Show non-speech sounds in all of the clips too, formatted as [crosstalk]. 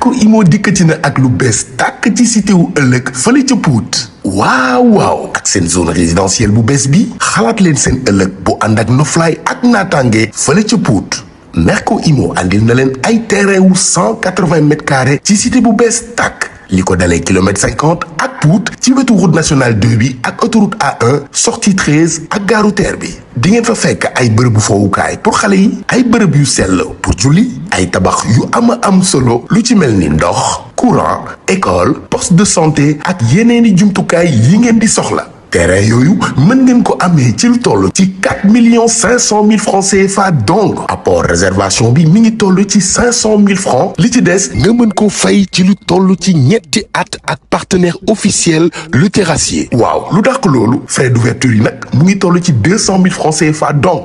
ko Imo dikkati na ak lu bees tàkk ci cité wu ëllëg fële ca Pout waaw waaw ak seen zone résidentielle bu bees bi xalaat leen seen ëllëg bu ànd ak noflaay ak naataange fële ca Pout Merco Imo andil na leen ay terrain wu 180 mètres carrés ci cité bu bees tàkk li ko dalee kilomètre 50 ak Pout ci wetu route national 2 bi ak autoroute A1 ak gaaru terre bi di ngeen fa fekk ay bërëb foowukaay pour xale yi ay bërëb yu sell pour julli ay tabax yu ama am solo lu ci mel ni ndox courant école poste de santé ak yeneeni jumtukaay yi ngeen di soxla terrain yooyu mën ngeen ko amee ci lu toll ci 4 millions 500 mille francs CFA donc apport réservation bi mi ngi toll ci 500 mille francs li ci des nga mën ko fay ci lu toll ci ñetti at ak partenaire officiel le terrassier waaw lu ko loolu frais d'ouverture yi nag mu ngi toll ci 200 mille francs CFA donc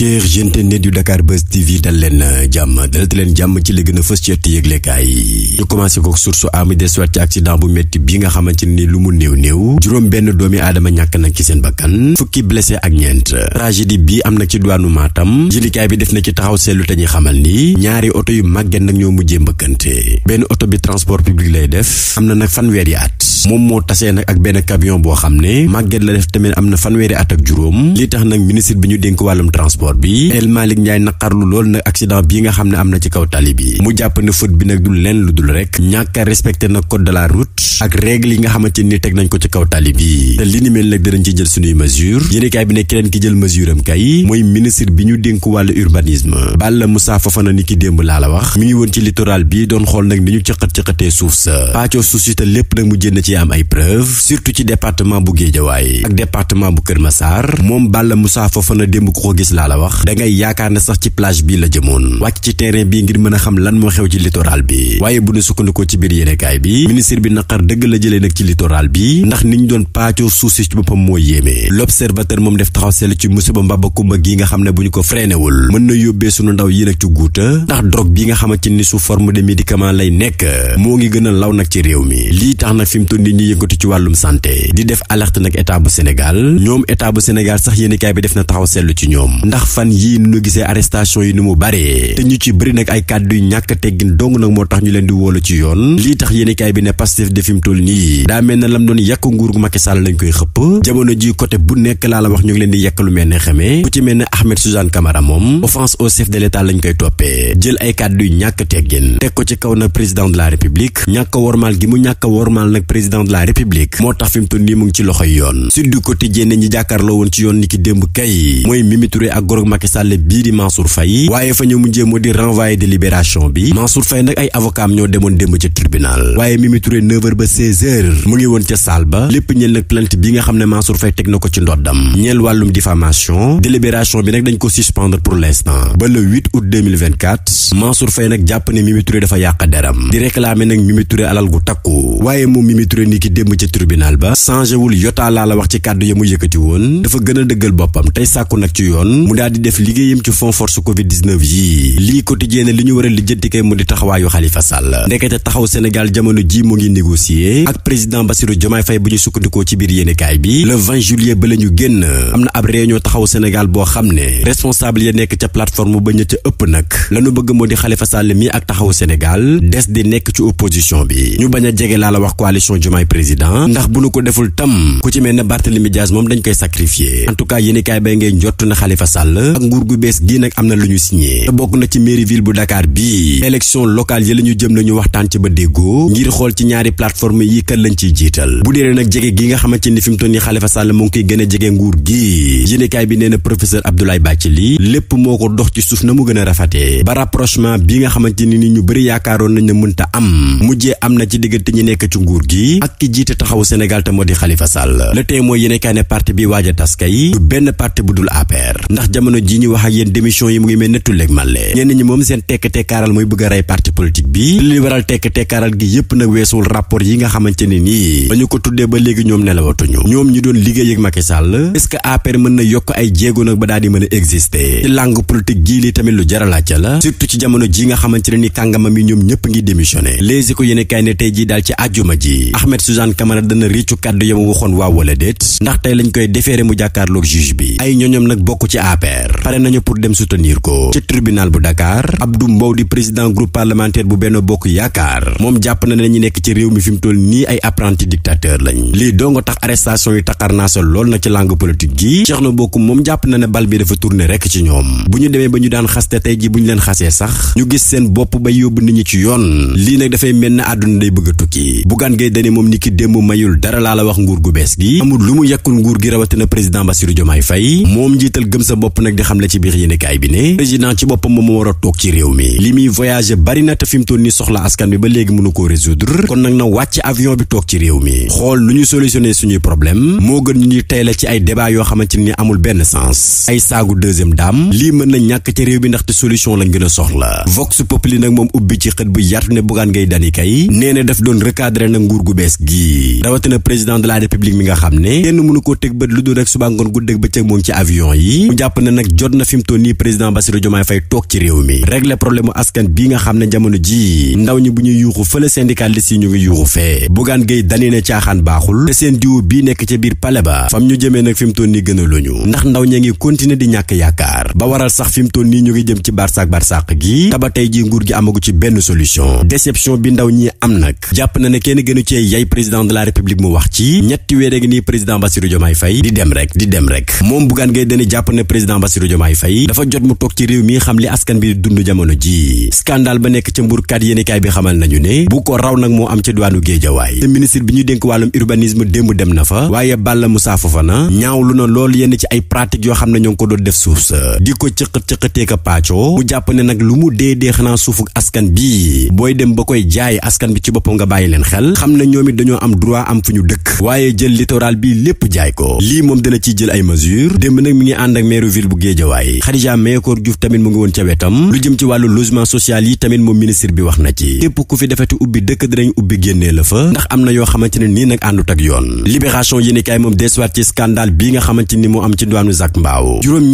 cher internet yu Dakar Buzz TV dal leen euh, jàmm dalati leen jàmm ci li gën a fës ci ëtt yëglekaay yi ñu commencé ko source am des soit ci accident bu métti bi nga xamante ni lu mu néew néew juróom benn doomi aadama ñàkk nag ci seen bakkan fukki blessé ak ñeent tragédie bi am na ci duwaanu maatam jilikaay bi def na ci taxaw seetlu te ñuy xamal ni ñaari oto yu màgget nag ñoo mujjee mbëkkante benn oto bi transport public lay def am na nag fanweeri at moom moo tase nag ak benn camion boo xam ne màgget la def tamit am na fanweeri at ak juróom li tax nag ministre bi ñu dénk wàllum transport bi El Malick Ndiaye naqarlu lool nag accident bii nga xam ne am na ci kaw tali bi mu jàpp ne faute nag dul lu dul rek ñàkk a respecté nag code de la route ak règle nga xamante ni teg nañ ko ci kaw tali bi te li ni mel nag dinañ ci jël bi ne keneen ki jël mesure am kay mooy bi ñu dénk wàllu urbanisme Balla Moussa Fofana ni ki démb laa la wax mi ngi woon ci littoral bi doon xool nag ni ñu cëqat cëqatee suuf sa paccoo suuf si te lépp nag mu jénn ci ci am ay preuve surtout ci département bu Géejawaay ak département bu Kër Massar moom Balla Moussa Fofana démb ku ko gis laa la wax dangay yaakaar ne sax ci plage bi la jëmoon wàcc ci terrain bii ngir mën a xam lan moo xew ci littoral bi waaye bu nu sukkandikoo ci biir yéenekaay bi ministre bi naqar dëgg la jëlee nag ci littoral bi ndax ni ñu doon paacoo suuf ci boppam moo yéeme l'observateur moom def taxaw sell ci musiba mbaba kumba gi nga xam ne bu ñu ko freinéwul mën na yóbbee sunu ndaw yi nag ci guuta ndax drogue bi nga ni su forme de médicament lay nekk moo ngi gën a law nag ci réew mi nit ñi yëngatu ci wàllum santé di def alerte nag état Sénégal ñoom état Sénégal sax yéenekaay bi def na taxaw seetlu ci ñoom ndax fan yii nu ñu gisee arrestation yi ni mu bare te ñu ci bëri nag ay kàddu yu ñàkk teggin dong nag moo tax ñu leen di wóolu ci yoon lii tax yéenekaay bi ne Pastef defim toll nii daa na lam doon yàq nguur Macky Sall koy xëpp jamono ji côté bu nekk laa la wax ñu leen di yàq mel ne xamee ku ci mel ne Ahmed président de la république moo tax fi mu toll nii mu ngi ci loxoy yoon Sud Quotidien ne ñi jàkkaarloo woon ci yoon ni démb kay mooy Mimi ak gorog Macky Sall di Mansour Faye bi Mansour nag ay avocat ñoo demoon démb ca tribunal waaye Mimi Touré 9h ba mu ngi woon ca salle ba lépp ñeel nag plainte bi nga xam ne Mansour Faye teg na ko ci ndoddam ñeel wàllum diffamation délibération bi nag dañ ko suspendre pour l'instant ba le 8 août 2024 nag jàpp ne Mimi dafa yàq Touré ni ki démb ca tribunal ba changé wul yotaa laa la wax ci kàddu ya mu yëkkati woon dafa gën a dëggal boppam tey sàkku nag ci yoon mu daal def liggéeyam ci fond covid yii lii quotidien li ñu war a lijjanti mu di taxawaayu Khalifa Sall ndekete taxaw Sénégal jamono ji mu ngi négocier ak président Bassirou Diomaye Faye bu ñu sukkandikoo ci biir yéenekaay bi le 20 ba la génn am na ab réunion taxaw Sénégal boo xam ne responsable ya nekk ca plateforme a Diomaye président ndax bu nu ko deful tam ku ci mel ne Barthélemy Diaz moom dañ koy sacrifier en tout cas yéeni kaay bay ngay jot na Khalifa Sall ak nguur gu bees gii nag am na lu ñu signé te bokk na ci mairie ville bu Dakar bi élection locale yi la ñu jëm nañu waxtaan ci ba déggoo ngir xool ci ñaari plateforme yi kat lañ ciy jiital bu dee nag jege gi nga xamante ni fi mu toll nii Khalifa Sall mu ngi koy gën a jege nguur gi yéeni kaay bi nee na professeur Abdoulaye li lépp moo ko dox ci suuf na mu gën a rafetee ba rapprochement nga xamante ni ni ñu bëri yaakaaroon nañ ne mënta am mujjee am na ci diggante ñi nekk nguur gi ak ki jiite taxawu Sénégal te moo di xalifa Sall le tey mooy yéene kaay ne parti bi waaj a taska yi du benn parti bu dul APR ndax jamono ji ñu wax ak yéen démission yi mu ngi mel ne tulleeg màlle ñenn ñi moom seen tekk tekkaaral mooy bëgg a bi li waral tekk tekkaaral gi yépp nag weesul nga xamante ne nii ba ñu ko tuddee ba léegi ñoom nelawatuñu ñoom ñu doon liggéey ak Macky Sall est-ce que APR mën na yokk ay jéego nag ba daal di mën a exister ci langue politique gii li tamit lu jaralaaca la surtout ci jamono ji nga xamante ne ni kàngamam yi ñoom ñëpp ngi démissionné léegi ko yéene kaay ne tey ji daal ci àjjuma ji Ahmed Suzanne Camara dana réccu kàddu yam waxoon waaw wala déet ndax tey lañ koy déféere mu jàkkaarloog juge bi ay ñoñom nag bokk ci APR pare nañu pour dem soutenir ko ci tribunal bu Dakar Abdou Mbow di président groupe parlementaire bu Benno Bokk Yaakaar moom jàpp na ne ñu nekk ci réew mi fi mu toll nii ay apprenti dictateur lañ lii doo nga tax arrestation yi taxar naa sa lool nag ci langue politique gi Cheikhna Bokum moom jàpp na ne bal bi dafa tourner rekk ci ñoom bu ñu demee ba ñu daan tey ji bu ñu leen xasee sax ñu gis seen bopp bay yóbbu nit ñi ci yoon lii nag dafay mel ne àdduna day bëgg tukki ne moom niki démb mayul dara laa la wax nguur gu bees gi amul lu mu yàkkul nguur gi rawatina président Bassirou Diomaye Faye moom njiital gëm sa bopp nag di xamle ne ci a toog ci réew mi li muy voyager bari ba léegi mënu koo résoudre kon nag na wàcc avion bi ñu solutionné moo gën ñu ñuy la ay débat yoo xamante ni amul benn sens ay saagu deuxième dame lii mën na ñàkk ci réew bi ndaxte solution lañ gën a soxla vox populi nag moom ubbi ci xët bu yaatu ne bugaan ngay dani kay nee na daf doon recadrer nag nguur gu bees gii rawatina président de la république mi nga xam ne kenn mënu koo teg bët lu dul rek suba ngoon guddeeg bëccëg moom ci avion yi mu jàpp ne nag jot na fi mu toll nii président Bassirou Diomaye Faye toog problème askan bii nga xam ne jamono ji ndaw ñi bu ñuy yuuxu fële syndicaliste yi ñu ngi yuuxu fee Bougane Gueye Dany caaxaan baaxul te seen diwu bii nekk ca biir pale ba fam ñu jëmee nag fi mu toll nii a luñu ndax ndaw ña ngi continuer di ñàkk yaakaar ba waral sax fi mu toll ñu ngi jëm ci barsak barsak gi taba tey ji nguur gi amagu ci benn solution déception bi ndaw ñi am nag jàpp na ne kenn gënu cee yaay président de la république mu wax ci ñetti weer ngi nii président Bassirou Diomaye Faye di dem rek di dem rek moom Bougane Gueye Dany jàpp ne président Bassirou Diomaye Faye dafa jot mu toog ci réew mi xam li askan bi dund jamono ji scandale ba nekk ca mbuurkat yéenekaay bi xamal nañu ne bu ko raw nag moo am ca diwaanu Géejawaay te ministre bi ñu dénk wàllum urbanisme démb dem na fa waaye Balla Moussa Fofana ñaawlu na loolu yenn ci ay ne ñoo ngi ko doon def suuf ko cëqat cëqatee ka paaco mu jàpp nag lu mu dee dee xanaa suufu askan bi booy dem ba koy jaay askan bi ci boppam nga bàyyi leen xel xam nañu ñoom am droit am fu ñu dëkk waaye jël littoral bi lépp jaay ko lii moom dina ci jël ay mesures démb nag mi ngi ànd ak maire bu Géejawaay Khadija Mahécor Diouf tamit mu ngi woon ca wetam lu jëm ci wàllu logement social yi tamit moom ministre bi wax na ci képp ku fi defati ubbi dëkk dinañ ubbi génnee la fa ndax am na yoo xamante nii nag àndut ak yoon libération yéeni moom desuwaat ci scandale bi nga xamante ni am ci duwaanu Zac Mbao juróom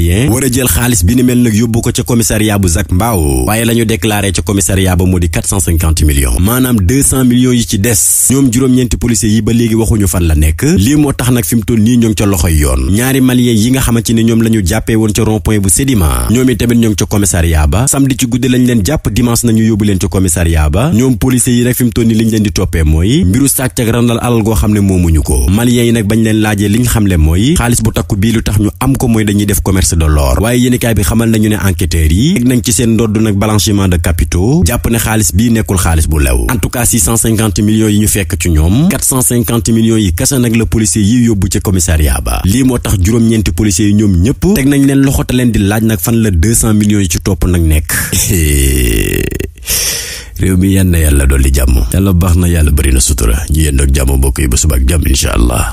Malien war a jël xaalis bi ni mel nag yóbbu ko ca commissariat bu Zac Mbao waaye la ñu ca commissariat ba moo di 450 maanaam 200 yi ci des ñoom juróom-ñeenti policiers yi ba léegi waxuñu fan la nekk lii moo tax nag fi mu nii ñoo ngi ca loxoy yoon ñaari Malien yi nga xamante ni ñoom la jàppee woon ca rond bu Sédima ñoom itamit ñoo ca commissariat ba samedi ci guddi lañ leen jàpp dimanche nañu yóbbu leen ca commissariat ba ñoom commerce de l'or waaye yéenekaay bi xamal nañu ne enquêteurs yi teg nañ ci seen ndodd nag blanchiment de capitaux jàpp ne xaalis bii nekkul xaalis bu lew en tout cas 650 millions yi ñu fekk ci ñoom 450 millions yi kese nag la policier yi yóbbu ci commissariat ba lii moo tax juróom-ñeenti policiers yi ñoom ñëpp teg nañ leen loxo te leen di laaj nag fan la 200 millions yi ci topp nag nekk [laughs] réew mi yenn yàlla dolli jàmm yàlla baax na yàlla bëri na sutura ñu yendoog jàmm mbokk yi ba suba ak jàmm incha allah